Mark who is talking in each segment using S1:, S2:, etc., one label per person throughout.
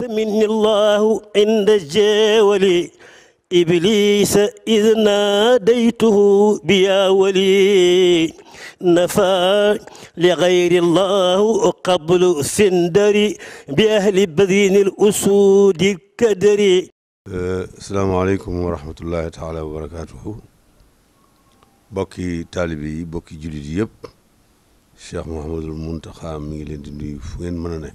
S1: مني الله عند الجاول إبليس إذ ناديته بيا ولي نفى لغير الله قبل سندري بأهل بذين الأسود الكدري السلام عليكم ورحمة الله تعالى وبركاته بكي طالبي بكي جلدي يب الشيخ محمد المنتخى ميلين دي فين مننه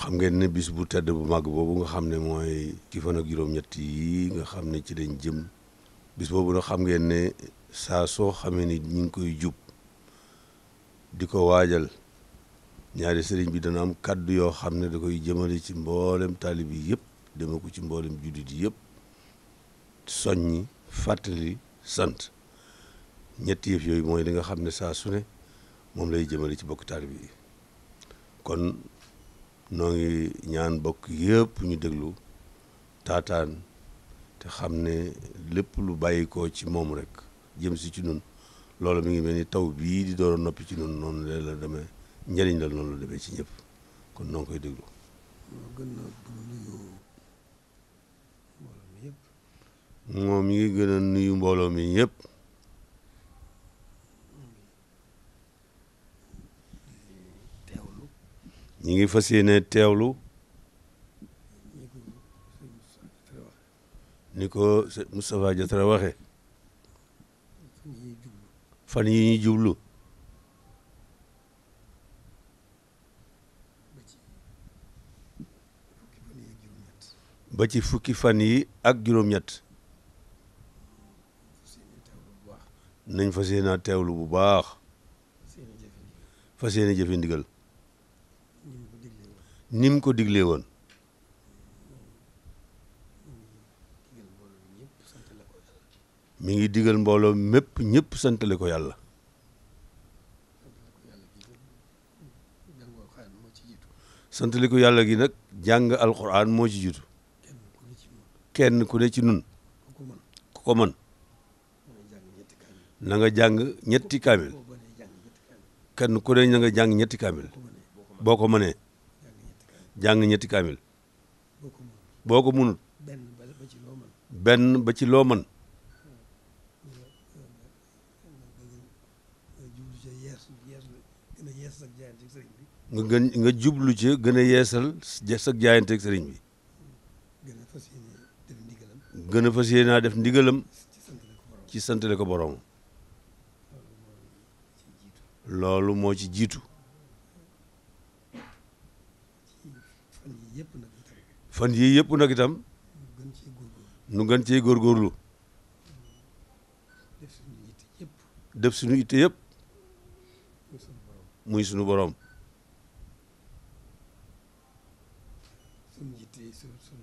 S1: xam ngeen ne bis bu tedd bu màgg boobu nga xam ne mooy ci fan juróom-ñett yi nga xam ne ci lañ jëm bis boobu nag xam ngeen ne saa soo xamee ni ñu ngi koy jub di ko waajal ñaari sëriñ bi dana am kàddu yoo xam ne da koy jëmale ci mboolem taalib yi yëpp dema ko ci mboolem juddit yi yëpp soññi fàttali sant ñetti yëf yooyu mooy li nga xam ne saa su ne moom lay jëmale ci bokk taalib yi noo ngi ñaan bokk yëpp ñu déglu taataan te xam ne lépp lu bàyyikoo ci moom rek jëm si ci nun loolu mi ngi mel ni taw bii di door noppi ci nun noonu la la demee njëriñ la noonu la demee ci ñëpp kon noo ngi koy déglu moom mi ngi gën a nuyu mbooloo mi ñëpp ñi ngi fas yéene teewlu ni ko Moustapha Diatra waxe fan yi ñuy jublu ba ci fukki fan yi ak juróom-ñett nañ fas yéene teewlu bu baax fas yéene jëfe ni mu ko diglee woon mu ngi digal mbooloo mépp ñëpp santale ko yàlla santale ko yàlla gi nag jàng alquran moo ci jiitu kenn ku ne ci nun ku ko mën nanga jàng ñetti kaamil kenn ku ne na nga jàng ñetti kaamil boo ko mënee jàng ñetti kaamil boo ko munul benn ba ci looman mën nga gën nga jublu ci gën a yeesal sa jaayanteeg sëriñ bi gën a fas yéene naa def ndigalam ci santale ko borom loolu moo ci jiitu fan yii yëpp nag itam. fan yii yëpp nag itam. nu gën cee góorgóorlu. nu def suñu it yëpp. def suñu yitte yëpp. muy suñu borom.
S2: suñu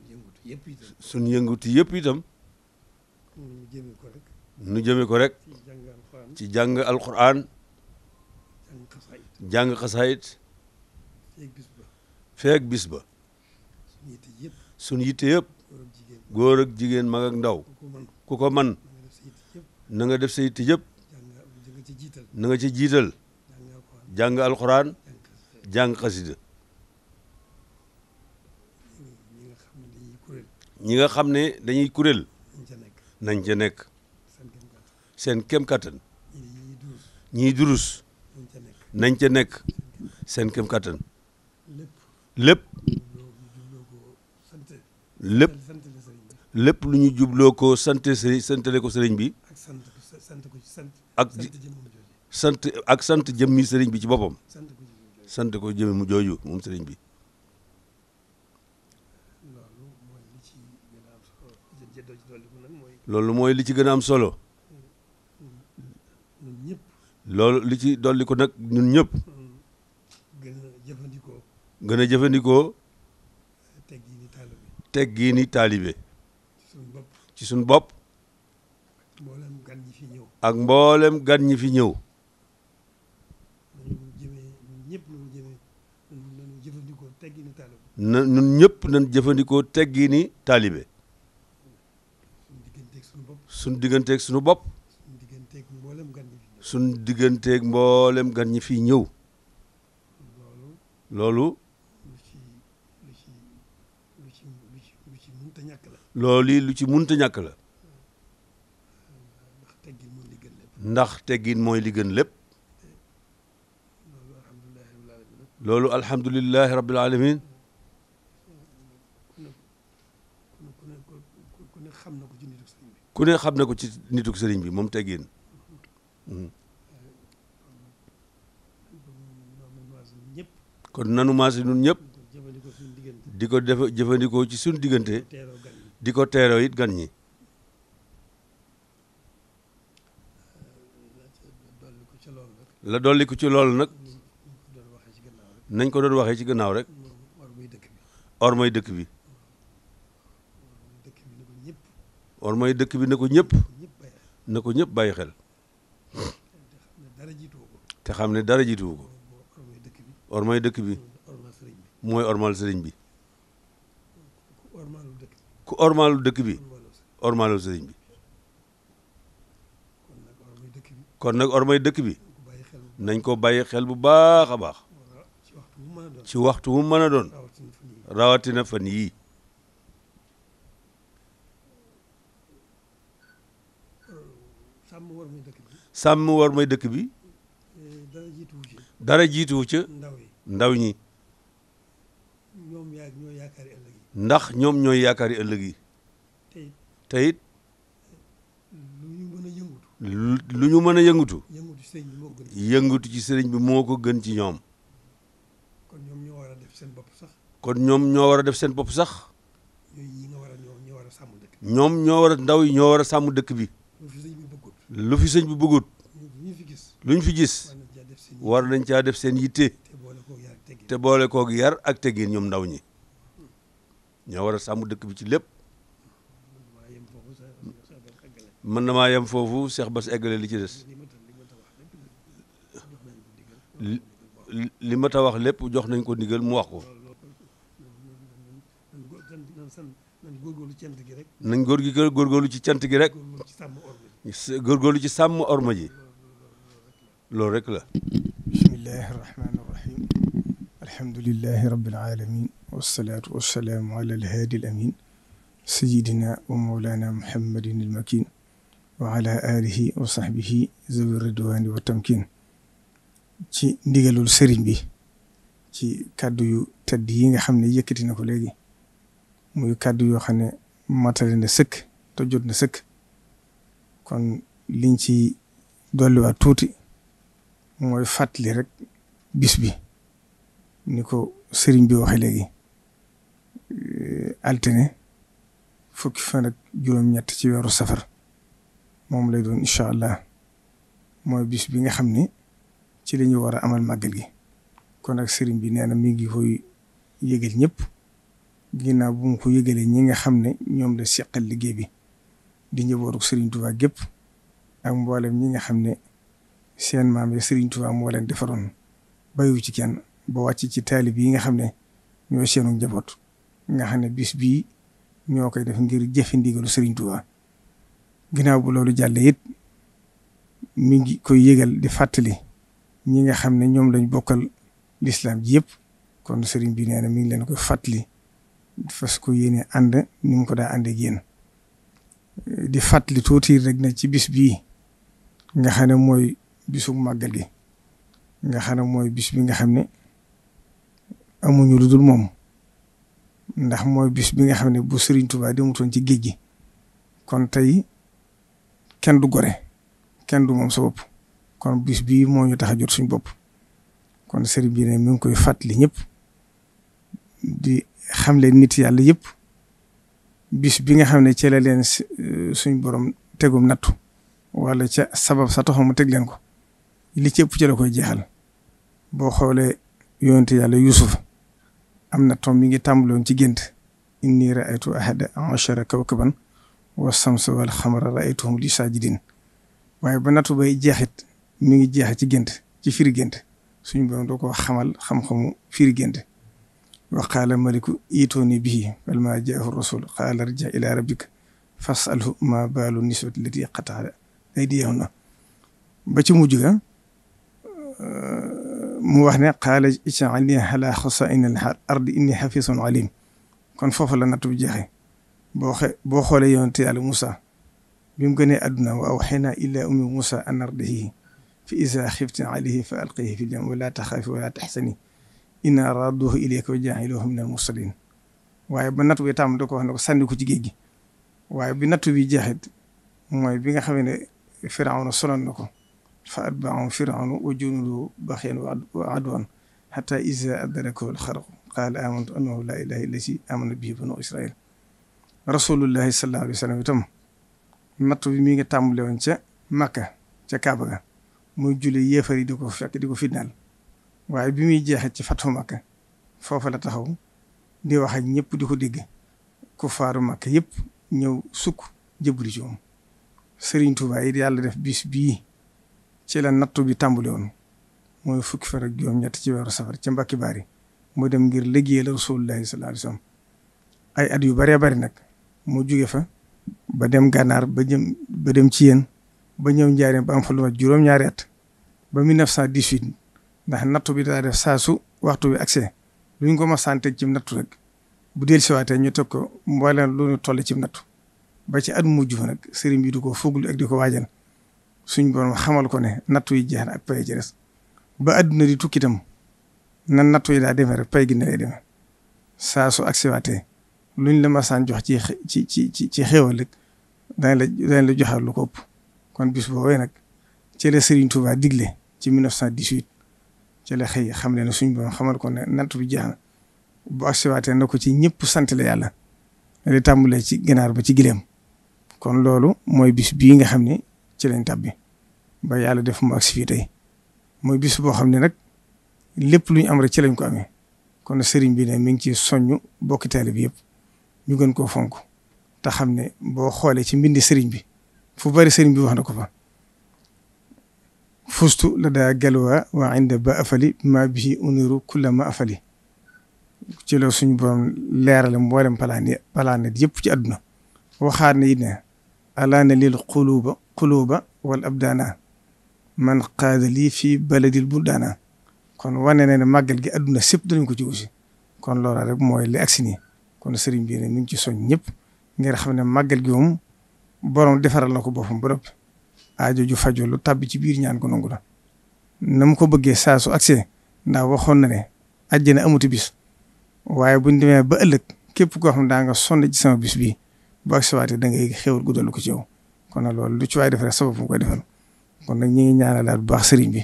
S2: yëngutu yëpp itam.
S1: suñu yëngutu yëpp nu jëmee ko rek. nu ci jàng alquran
S2: ci jàng alquran.
S1: feek bis ba sunu yitte yëpp góor ak jigéen mag ak ndaw ku man na nga def sa yitte yëpp na nga ci jiital jàng alxuraan jàng xasida ñi nga xam ne dañuy kuréel nañ ca nekk seen kem kattan ñiy durus nañ ca nekk seen kem kattan lépp lépp lu ñu jubloo ko sant sëriñ santale ko sëriñ bi ak sant ak sant jëmmi sëriñ bi ci boppam sant ko jëmmi mu jooju moom sëriñ bi loolu mooy li ci gën am solo loolu li ci dolli ko nag ñun ñëpp gën a jëfandikoo teggiini taalibe ci suñ bopp ak mboolem gan ñi fi ñëw na ñun ñëpp nañ jëfandikoo teggiini taalibe suñ digganteeg suñu bopp suñ digganteek mboolem gan ñi fi ñëw loolu loolu lu ci munta ñàkk la ndax teggin mooy li gën lépp loolu alhamdulilahi rabbil alamin ku ne xam na ko ci nituk sëriñ bi moom teggin kon nanu maase nun ñëpp di ko def jëfandikoo ci suñu diggante di ko teeroo it gan ñi la dolli ko ci lool nag nañ ko doon waxee ci gannaaw rek or mooy dëkk bi or dëkk bi na ko ñëpp na ko ñëpp bàyyi xel te xam ne dara jiituwu ko or dëkk bi mooy ormal sëriñ bi ku ormaalu dëkk bi ormaalu sëriñ bi kon nag ormay dëkk bi nañ ko bàyyi xel bu baax a baax ci waxtu mu mën a doon rawatina fan yii sàmm dëkk bi dara jiituwu ca ndaw ñi ndax ñoom ñooy yaakaar yi ëllëg yi te it lu ñu mën a yëngutu yëngutu ci sëriñ bi moo ko gën ci ñoom
S2: kon ñoom ñoo war a def seen bopp sax
S1: kon ñoom ñoo war a def seen bopp sax ñoom ñoo war a ndaw yi ñoo war a sàmm dëkk bi lu fi sëñ bi bëggut lu ñu fi gis war nañ caa def seen yitte te boole kook yar ak teggin ñoom ndaw ñi ñoo war a sàmm dëkk bi ci lépp mën na maa yem foofu Cheikh Bass eggale li ci des li ma ta wax lépp jox nañ ko ndigal mu wax ko nañ góor gi kër góorgóorlu ci cant gi rek góorgóorlu ci sàmm orma ji loolu rek la bismillahi
S2: rahmaani rahim alhamdulillahi rabbil alamin wassalaatu wassalaamu ala alhaadi alamin sayidina wa mawlana muhammadin almakin wa ala wa sahbihi zawi ridwaani wa tamkin ci ndigalul sëriñ bi ci kàddu yu yi nga xam ne yëkkati na ko léegi muy kàddu yoo xam ne matale na sëkk te jot na sëkk kon liñ ci dolliwaat tuuti mooy fàttali rek bis bi ni ko sëriñ bi waxe léegi Euh, altine fukki fan ak juróom-ñett ci weeru safar moom lay doon incha allah mooy bis bi nga xam ni ci la ñu war a amal màggal gi kon ak sëriñ bi nee na mi ngi koy yëgal ñëpp ginnaaw bu mu ko yëgalee ñi nga xam ne ñoom la seqal liggéey bi di njëbooru sëriñ Tuubaa gépp ak mboolem ñi nga xam ne seen maam ya sëriñ Tuubaa moo defaroon bayu ci kenn ba wàcc ci taalib yi nga xam ne ñoo seenu njaboot. nga xam ne bis bii ñoo koy def ngir jëfe ndigalu sëriñ Touba ginnaaw bu loolu jàll it mi ngi koy yëgal di fàttali ñi nga xam ne ñoom lañ bokkal lislaam ji yëpp kon Serigne bi nee na mi ngi leen koy fàttali fas ko yéene ànd ni mu ko daa àndee ak di fàttali tuuti rek na ci bis bii nga xam ne mooy bisu màggal gi nga xam ne mooy bis bi nga xam ne amuñu lu dul moom. ndax mooy bis bi nga xam ne bu Serigne Touba demutoon ci géej gi kon tey kenn du gore kenn du moom sa bopp kon bis bii moo ñu tax a jot suñu bopp kon Serigne bii ne mi ngi koy fàttali ñëpp di xam xamle nit yàlla yëpp bis bi nga xam ne ci la leen euh, suñ borom tegum nattu walla ca sabab sa taxaw mu teg leen ko li ci ëpp ci la koy jeexal boo xoolee yonent yàlla Yuusuf am na tom mi ngi tàmbaloon ci gént inni raaytu ahada ashara kawkaban wa samsa wal xamara raaytuhum li saajidin waaye ba natu bay jeexit mi ngi jeex ci gént ci firi gént suñu borom doo ko xamal xam-xamu firi gént wa qaala maliku iitooni bihi falammaa jaahu rasul qaala rji ila rabbika fasalhu ma baalu niswati lati qataada aydiyahunna ba ci mujj ga mu wax ne qaala ij'alni ala xasaa'ini al-ardi inni xafisun alim kon foofu la nattu bu jeexee boo xe boo xoolee yonent yàlla Moussa bi mu gënee àdduna wa awxaynaa ilaa ummi Moussa an ardihi fa izaa xifti alayhi fa alqihi fi l-yam waaye ba nattu bi tàmm da ko wax ne ko gi waaye bi nattu bi jeexit mooy bi nga xam ne Firawna sonal na ko. fa atbaahum firaawnu wa junuuduhu baxyan wa adwan xataa izaa adrakahu alxaraqu qaala aamantu annahu laa ilaaha illa llazii aamana bihi banuu Israa'iil rasulullahi sallallahu alayhi wa sallam itam bi mi nga tàmbale woon ca Makka ca Kaaba ga muy jule yéefar yi di ko fekk di ko fitnaal waaye bi muy jeexee ci Fathu Makka foofa la taxaw di wax ak ñëpp di ko dégg kuffaaru Makka yëpp ñëw sukk jëbbali ci moom Serigne Touba yi yàlla def bis bii. ci la nattu bi tàmbali woon mooy fukki fan ak juróom-ñett ci weeru safar ci Mbàkke Baari mu dem ngir liggéeyal Rasulullahi sallallahu alayhi wasallam ay at yu bëree bëri nag moo juge fa ba dem gànnaar ba jëm ba dem ci yéen ba ñëw njaareen ba am fa lu mat juróom-ñaari at ba 1918 ndax nattu bi daa def saa su waxtu bi accès lu ñu ko ma sante ci nattu rek bu del siwaatee ñu teg ko mbooleem lu ñu toll ci nattu ba ci at mujj fa nag sëriñ bi du ko fuglu ak di ko waajal suñ borom xamal ko ne nattu yi jeex na ak pay ci des ba adduna di tukki itam nan nattu yi daa demee rek pay gi ne lay demee saa su agsiwaatee luñ la masaan jox ci ci ci ci ci xéewal rek daañu la daañu la joxal lu ko ëpp kon bis boobee nag ci la Serigne Touba digle ci 1918 ci la xëy xam ne ne suñ borom xamal ko ne nattu bi jeex na bu agsiwaatee na ko ci ñëpp sant la yàlla. li tàmbalee ci ginaar ba ci gileem kon loolu mooy bis bii nga xam ne ci lañ tàbbi ba yàlla def mu mooy biss boo xam ne nag lépp lu ñu am rek ci lañ ko amee kon sëriñ bi ne mi ngi ci soññ bokki taalibe bi yëpp ñu gën koo fonk te xam ne boo xoolee ci mbindi sëriñ bi fu bari sëriñ bi wax na ko fa fustu la daa galwaa waa inda ba afali ma bihi uniru kulla ma afali ci la suñu borom leerale mboolem palaane palaane yëpp ci àdduna waxaat na it alaana lil quluba quluba wal abdaana man qaada fi fii baladil daana kon wane na ne màggal gi àdduna sëpp danañ ko ci aussi kon loola rek mooy li agsi nii kon sëriñ bi ne ngi ci soñ ñëpp ngir xam ne màggal gi moom borom defaral na ko boppam bërëb aajo ju fajo lu tàbbi ci biir ñaan ko nangu la na ko bëggee saa su agsi ndax waxoon na ne àjjana amuti bis waaye buñ demee ba ëllëg képp koo xam ne daa nga sonn ci sama bis bii ba si waatee da ngay xéwal guddal ko ci yow kon nag loolu lu ci waay def rek sabab mu koy defal kon nag ñu ngi ñaanalaat bu baax sëriñ bi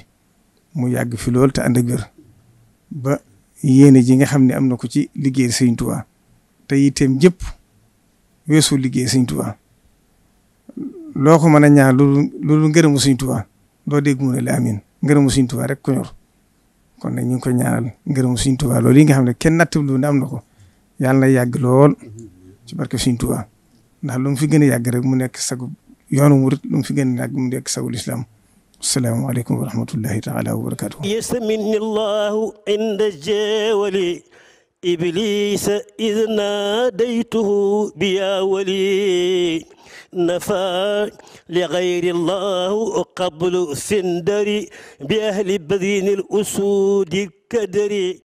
S2: mu yàgg fi lool te ànd ak ba yéene ji nga xam ne am na ko ci liggéey sëriñ Tuubaa te itam jëpp weesu liggéey sëriñ Tuubaa loo ko mën a ñaan loolu loolu ngërëmu sëriñ Tuubaa doo dégg mu ne la amiin ngërëmu sëriñ Tuubaa rek ko kon nag ñu ngi koy ñaanal ngërëmu sëriñ Tuubaa loolu yi nga xam ne kenn nattablu ne am na ko yàlla na yàgg lool ci barke sëriñ ndax lu mu fi gën a yàgg rek mu nekk sagu yoonu murit lu mu fi gën a yàgg mu nekk sagu lislaam السلام عليكم ورحمة الله تعالى وبركاته
S1: يسمني الله عند الجول إبليس إذ ناديته بيا ولي نفى لغير الله قبل سندري بأهل بذين الأسود الكدري